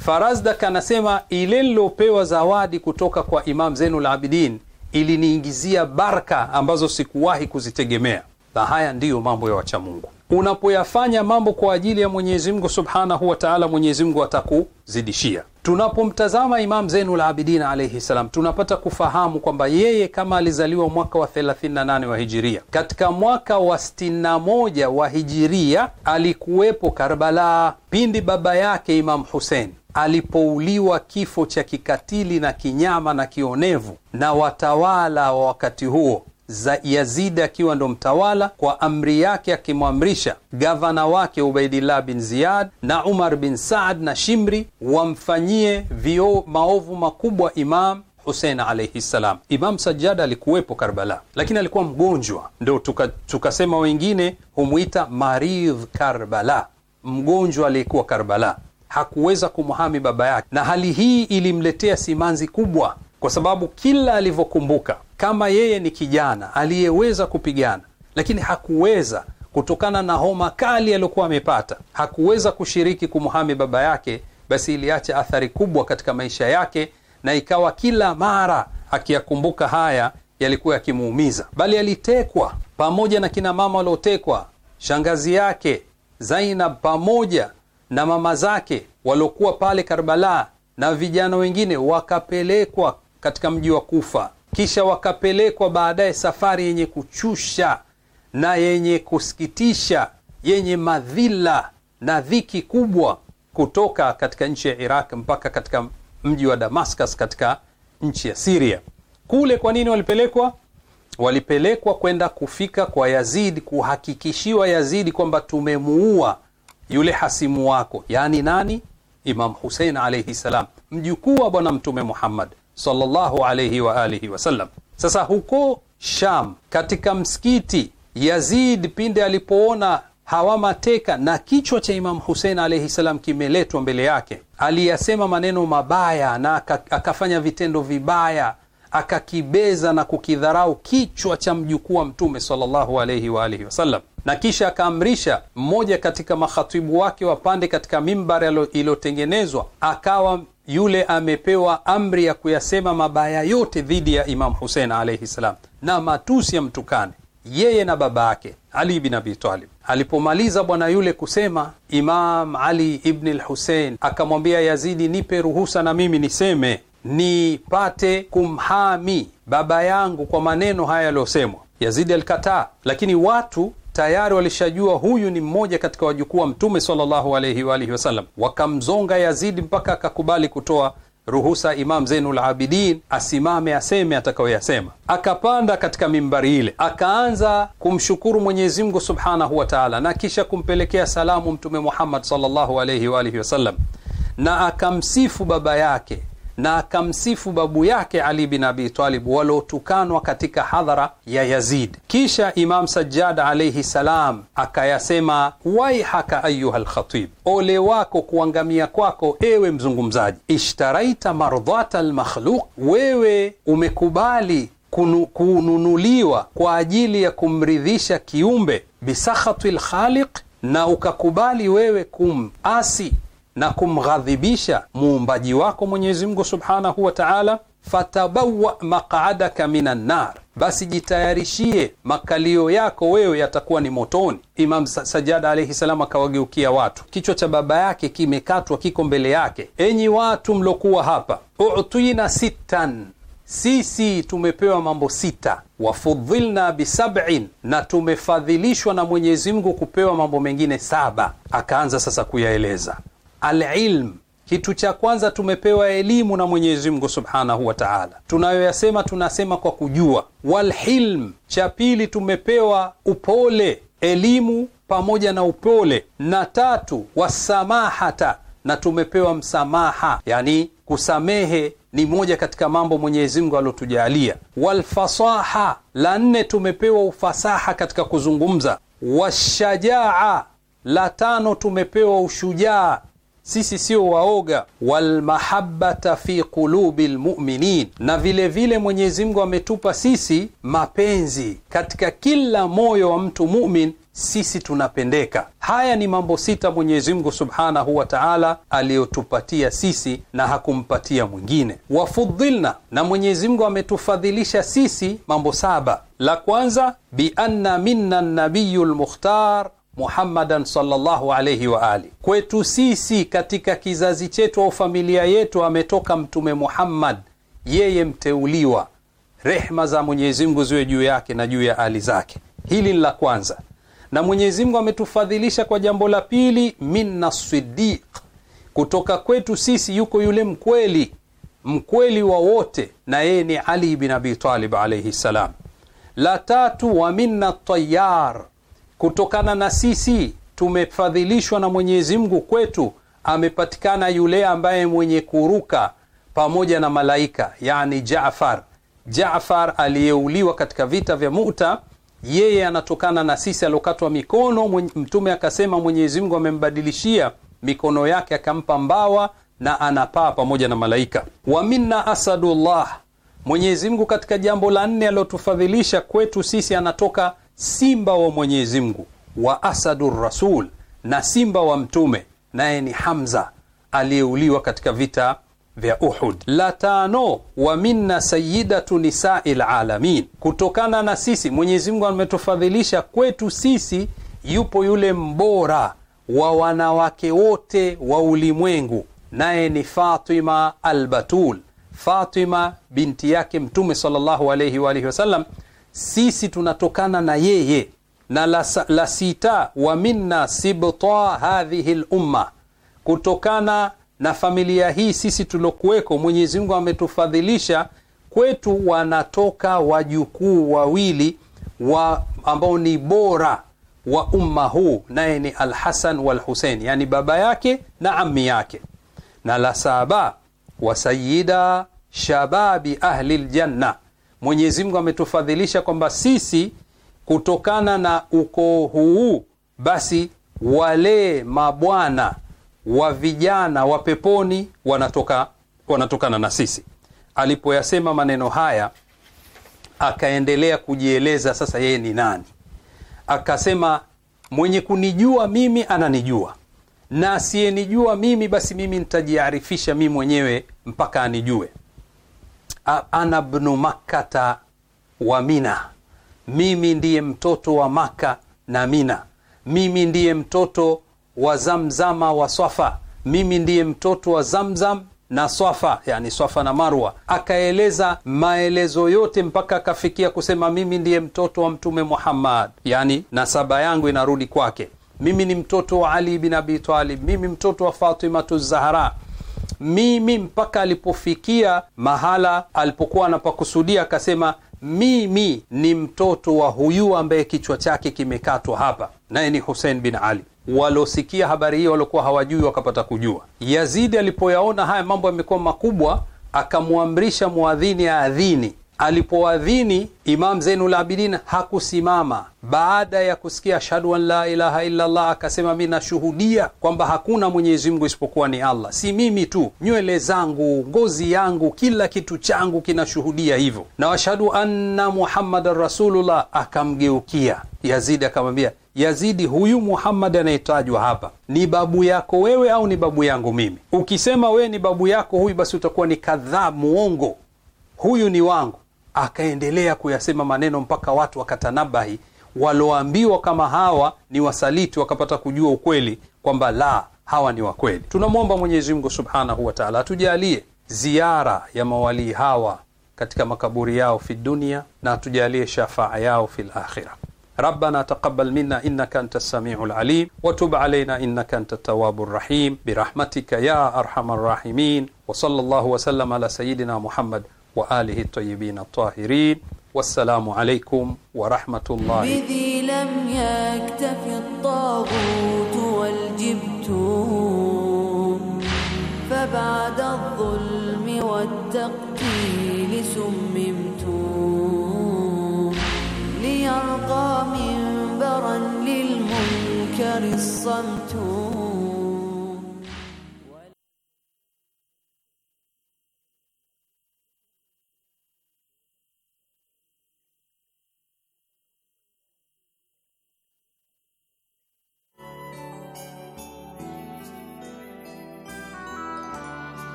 Farazdak anasema ile nilopewa zawadi kutoka kwa Imam Zainul Abidin iliniingizia barka ambazo sikuwahi kuzitegemea, na haya ndiyo mambo ya wachamungu. Unapoyafanya mambo kwa ajili ya Mwenyezi Mungu subhanahu wa taala, Mwenyezi Mungu atakuzidishia. Tunapomtazama Imam Zainul Abidin alaihi salam, tunapata kufahamu kwamba yeye kama alizaliwa mwaka wa 38 wa hijiria, katika mwaka wa 61 wa hijiria alikuwepo Karbala pindi baba yake Imam Husein alipouliwa kifo cha kikatili na kinyama na kionevu na watawala wa wakati huo za Yazidi akiwa ndo mtawala, kwa amri yake akimwamrisha gavana wake Ubaidillah bin Ziyad na Umar bin Saad na Shimri wamfanyie vio maovu makubwa Imam Husein alaihi salam. Imam Sajjad alikuwepo Karbala, lakini alikuwa mgonjwa, ndo tukasema tuka wengine humwita maridh Karbala, mgonjwa aliyekuwa Karbala, hakuweza kumhami baba yake, na hali hii ilimletea simanzi kubwa kwa sababu kila alivyokumbuka kama yeye ni kijana aliyeweza kupigana, lakini hakuweza kutokana na homa kali aliyokuwa amepata, hakuweza kushiriki kumhami baba yake, basi iliacha athari kubwa katika maisha yake, na ikawa kila mara akiyakumbuka haya yalikuwa yakimuumiza. Bali alitekwa pamoja na kina mama waliotekwa, shangazi yake Zainab pamoja na mama zake waliokuwa pale Karbala na vijana wengine wakapelekwa katika mji wa Kufa, kisha wakapelekwa baadaye safari yenye kuchusha na yenye kusikitisha yenye madhila na dhiki kubwa kutoka katika nchi ya Iraq mpaka katika mji wa Damascus katika nchi ya siria Kule kwa nini walipelekwa? Walipelekwa kwenda kufika kwa Yazid, kuhakikishiwa Yazidi kwamba tumemuua yule hasimu wako, yaani nani? Imam Husein alaihi salam, mjukuu wa bwana Mtume Muhammad sallallahu alayhi wa alihi wasallam. Sasa huko Sham, katika msikiti Yazid, pinde alipoona hawamateka na kichwa cha Imam Husein alayhi salam kimeletwa mbele yake, aliyasema maneno mabaya na akafanya vitendo vibaya, akakibeza na kukidharau kichwa cha mjukuu wa Mtume sallallahu alayhi wa alihi wasallam, na kisha akaamrisha mmoja katika makhatibu wake wapande katika mimbari iliyotengenezwa, akawa yule amepewa amri ya kuyasema mabaya yote dhidi ya Imam Husein alaihi salam, na matusi ya mtukane yeye na baba yake Ali bin Abi Talib. Alipomaliza bwana yule kusema, Imam Ali ibn Lhusein husein akamwambia Yazidi, nipe ruhusa na mimi niseme, nipate kumhami baba yangu kwa maneno haya yaliyosemwa. Yazidi alikataa, lakini watu tayari walishajua huyu ni mmoja katika wajukuu wa Mtume sallallahu wa alihi wasallam, wakamzonga Yazidi mpaka akakubali kutoa ruhusa Imam Zainul Abidin asimame aseme atakayoyasema. Akapanda katika mimbari ile akaanza kumshukuru Mwenyezi Mungu subhanahu wa taala, na kisha kumpelekea salamu Mtume Muhammad sallallahu wa alihi wasallam, na akamsifu baba yake na akamsifu babu yake Ali bin Abi Talib walotukanwa katika hadhara ya Yazid. Kisha Imam Sajjad alaihi salam akayasema, waihaka ayuha lkhatib, ole wako kuangamia kwako ewe mzungumzaji, ishtaraita mardhata lmakhluq, wewe umekubali kunu, kununuliwa kwa ajili ya kumridhisha kiumbe bisakhati lkhaliq, na ukakubali wewe kumasi na kumghadhibisha muumbaji wako Mwenyezi Mungu subhanahu wa taala, fatabawa maqadaka minan nar, basi jitayarishie makalio yako wewe yatakuwa ni motoni. Imam Sajada alayhi salam akawageukia watu, kichwa cha baba yake kimekatwa, kiko mbele yake. Enyi watu mlokuwa hapa, utwina sittan sisi tumepewa mambo sita, wafudhilna bisabin, na tumefadhilishwa na Mwenyezi Mungu kupewa mambo mengine saba. Akaanza sasa kuyaeleza alilm kitu cha kwanza tumepewa elimu na Mwenyezi Mungu Subhanahu wa Ta'ala, tunayoyasema tunasema kwa kujua. Walhilm, cha pili tumepewa upole, elimu pamoja na upole, na tatu wasamahata, na tumepewa msamaha, yani kusamehe ni moja katika mambo Mwenyezi Mungu aliotujalia. Walfasaha, la nne tumepewa ufasaha katika kuzungumza. Washajaa, la tano tumepewa ushujaa sisi sio waoga. walmahabbata fi qulubi lmuminin, na vilevile Mwenyezi Mungu ametupa sisi mapenzi katika kila moyo wa mtu mumin, sisi tunapendeka. Haya ni mambo sita Mwenyezi Mungu subhanahu wa taala aliyotupatia sisi na hakumpatia mwingine. Wafudhilna, na Mwenyezi Mungu ametufadhilisha sisi mambo saba. La kwanza bianna minna nabiyu lmukhtar Muhammadan sallallahu alayhi wa ali. Kwetu sisi katika kizazi chetu au familia yetu ametoka Mtume Muhammad, yeye mteuliwa, rehma za Mwenyezi Mungu ziwe juu yake na juu ya ali zake. Hili ni la kwanza, na Mwenyezi Mungu ametufadhilisha kwa jambo la pili, minna sidiq, kutoka kwetu sisi yuko yule mkweli, mkweli wa wote, na yeye ni Ali bin Abi Talib alayhi salam. La tatu, wa minna tayar kutokana na sisi tumefadhilishwa na Mwenyezi Mungu, kwetu amepatikana yule ambaye mwenye kuruka pamoja na malaika, yani Jaafar. Jaafar aliyeuliwa katika vita vya Mu'ta, yeye anatokana na sisi, aliokatwa mikono. Mtume akasema Mwenyezi Mungu amembadilishia mikono yake akampa mbawa na anapaa pamoja na malaika. Wa minna asadullah, Mwenyezi Mungu katika jambo la nne aliotufadhilisha kwetu sisi anatoka simba wa Mwenyezi Mungu wa asadu rasul, na simba wa mtume naye ni Hamza aliyeuliwa katika vita vya Uhud. La tano, wa minna sayidatu nisai lalamin, kutokana na sisi Mwenyezi Mungu ametufadhilisha kwetu sisi yupo yule mbora wa wanawake wote wa ulimwengu naye ni Fatima Albatul, Fatima binti yake Mtume sallallahu alayhi wa alihi wasallam sisi tunatokana na yeye. Na la, la sita, wa minna sibta hadhihi lumma, kutokana na familia hii sisi tuliokuweko, Mwenyezi Mungu ametufadhilisha kwetu wanatoka wajukuu wawili wa ambao ni bora wa umma huu, naye ni Alhasan Walhusein, yani baba yake na ami yake. Na la saba, wasayida shababi ahli ljanna Mwenyezi Mungu ametufadhilisha kwamba sisi kutokana na ukoo huu, basi wale mabwana wa vijana wa peponi wanatoka wanatokana na sisi. Alipoyasema maneno haya, akaendelea kujieleza sasa yeye ni nani. Akasema, mwenye kunijua mimi ananijua na asiyenijua mimi basi mimi nitajiarifisha mimi mwenyewe mpaka anijue ana bnu makkata wa mina, mimi ndiye mtoto wa Maka na Mina, mimi ndiye mtoto wa Zamzama wa Swafa, mimi ndiye mtoto wa Zamzam na Swafa, yani Swafa na Marwa. Akaeleza maelezo yote mpaka akafikia kusema mimi ndiye mtoto wa Mtume Muhammad, yani nasaba yangu inarudi kwake. Mimi ni mtoto wa Ali bin Abi Talib, mimi mtoto wa Fatimatu Zahra mimi, mpaka alipofikia mahala alipokuwa anapakusudia, akasema mimi ni mtoto wa huyu ambaye kichwa chake kimekatwa hapa, naye ni Husein bin Ali. Walosikia habari hii waliokuwa hawajui wakapata kujua. Yazidi alipoyaona haya mambo yamekuwa makubwa, akamwamrisha mwadhini aadhini Alipowadhini Imam Zainul Abidin hakusimama baada ya kusikia ashhadu an la ilaha illallah, akasema mi nashuhudia kwamba hakuna Mwenyezi Mungu isipokuwa ni Allah. Si mimi tu, nywele zangu, ngozi yangu, kila kitu changu kinashuhudia hivyo, na washhadu anna muhammadan rasulullah. Akamgeukia Yazidi akamwambia, Yazidi, huyu Muhammad anayetajwa hapa ni babu yako wewe au ni babu yangu mimi? Ukisema wewe ni babu yako huyu, basi utakuwa ni kadhaa, muongo. Huyu ni wangu akaendelea kuyasema maneno mpaka watu wakatanabahi, waloambiwa kama hawa ni wasaliti wakapata kujua ukweli kwamba la, hawa ni wakweli. Tunamwomba Mwenyezi Mungu subhanahu wa taala atujalie ziara ya mawalii hawa katika makaburi yao fi dunia na atujalie shafaa yao fi lakhira. Rabbana taqabbal minna innaka anta samiu lalim watub alaina innaka anta tawabu rahim birahmatika ya arhamar rahimin wa sallallahu wasallam ala sayidina Muhammad وآله الطيبين الطاهرين والسلام عليكم ورحمة الله بذي لم يكتف الطاغوت والجبت فبعد الظلم والتقتيل سممت ليرقى منبرا للمنكر الصمت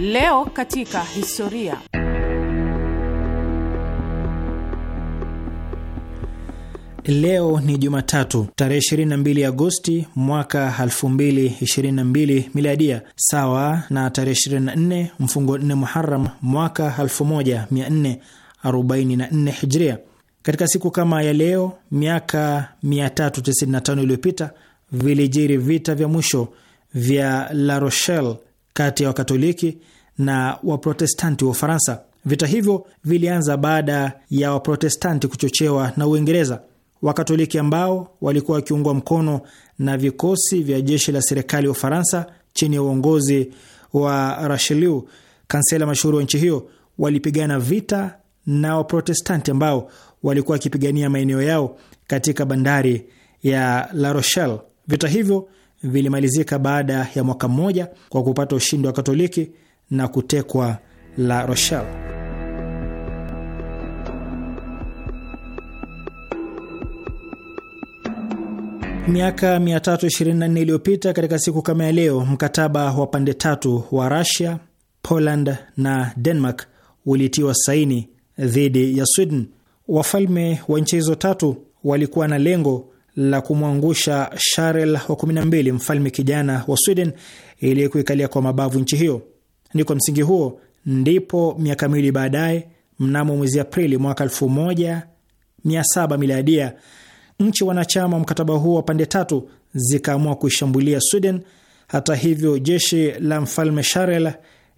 Leo katika historia. Leo ni Jumatatu tarehe 22 Agosti mwaka 2022 miladia, sawa na tarehe 24 mfungo 4 Muharam mwaka 1444 Hijria. Katika siku kama ya leo miaka 395 iliyopita vilijiri vita vya mwisho vya La Rochelle kati ya Wakatoliki na Waprotestanti wa Ufaransa. Vita hivyo vilianza baada ya Waprotestanti kuchochewa na Uingereza. Wakatoliki ambao walikuwa wakiungwa mkono na vikosi vya jeshi la serikali ya Ufaransa chini ya uongozi wa Richelieu, kansela mashuhuri wa nchi hiyo, walipigana vita na Waprotestanti ambao walikuwa wakipigania maeneo yao katika bandari ya La Rochelle. Vita hivyo vilimalizika baada ya mwaka mmoja kwa kupata ushindi wa Katoliki na kutekwa La Rochelle. Miaka 324 iliyopita katika siku kama ya leo, mkataba wa pande tatu wa Russia, Poland na Denmark ulitiwa saini dhidi ya Sweden. Wafalme wa nchi hizo tatu walikuwa na lengo la kumwangusha Sharel wa 12 mfalme kijana wa Sweden iliyekuikalia kwa mabavu nchi hiyo. Ni kwa msingi huo ndipo miaka miwili baadaye, mnamo mwezi Aprili mwaka 1700 miliadia, nchi wanachama wa mkataba huo wa pande tatu zikaamua kuishambulia Sweden. Hata hivyo, jeshi la mfalme Sharel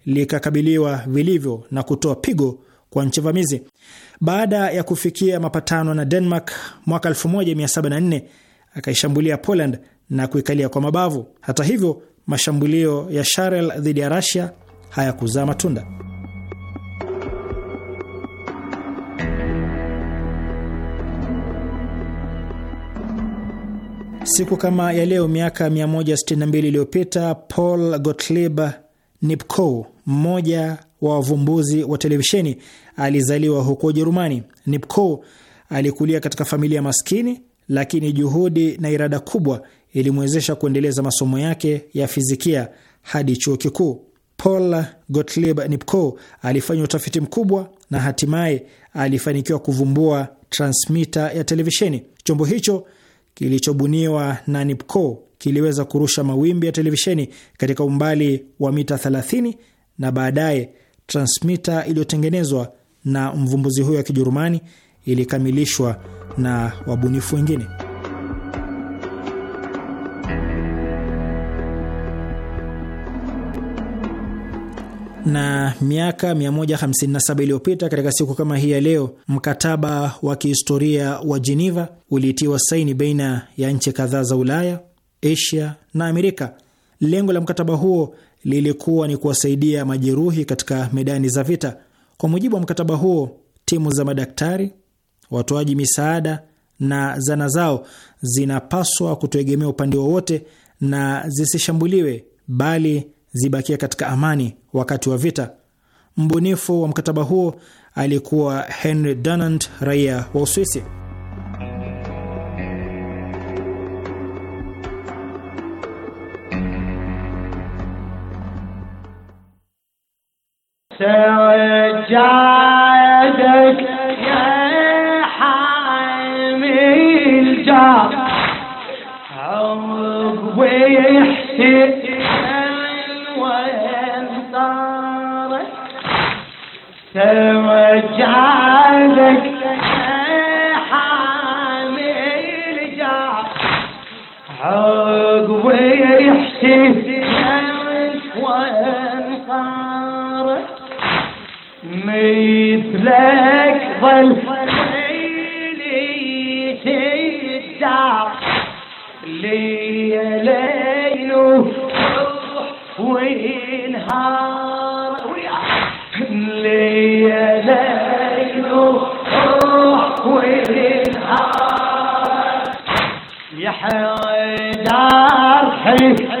likakabiliwa vilivyo na kutoa pigo kwa nchi vamizi. Baada ya kufikia mapatano na Denmark mwaka 1704 akaishambulia Poland na kuikalia kwa mabavu. Hata hivyo, mashambulio ya Sharel dhidi ya Russia hayakuzaa matunda. Siku kama ya leo miaka 162 iliyopita Paul Gottlieb Nipkow, mmoja wa wavumbuzi wa televisheni alizaliwa huko Ujerumani. Nipkow alikulia katika familia maskini, lakini juhudi na irada kubwa ilimwezesha kuendeleza masomo yake ya fizikia hadi chuo kikuu. Paul Gottlieb Nipkow alifanya utafiti mkubwa na hatimaye alifanikiwa kuvumbua transmita ya televisheni. Chombo hicho kilichobuniwa na Nipkow kiliweza kurusha mawimbi ya televisheni katika umbali wa mita 30 na baadaye transmita iliyotengenezwa na mvumbuzi huyo wa Kijerumani ilikamilishwa na wabunifu wengine. na miaka 157 iliyopita katika siku kama hii ya leo, mkataba wa kihistoria wa Geneva uliitiwa saini baina ya nchi kadhaa za Ulaya, Asia na Amerika. Lengo la mkataba huo lilikuwa ni kuwasaidia majeruhi katika medani za vita. Kwa mujibu wa mkataba huo, timu za madaktari, watoaji misaada na zana zao zinapaswa kutoegemea upande wowote na zisishambuliwe, bali zibakia katika amani wakati wa vita. Mbunifu wa mkataba huo alikuwa Henry Dunant, raia wa Uswisi. سجادك يا حامل جار عوض ويحسن وانطارك سجادك يا حامل جار عوض ويحسن مثلك ظل خيلي تدع ليلين وينهار ليلين وينهار يا حيدار حيدار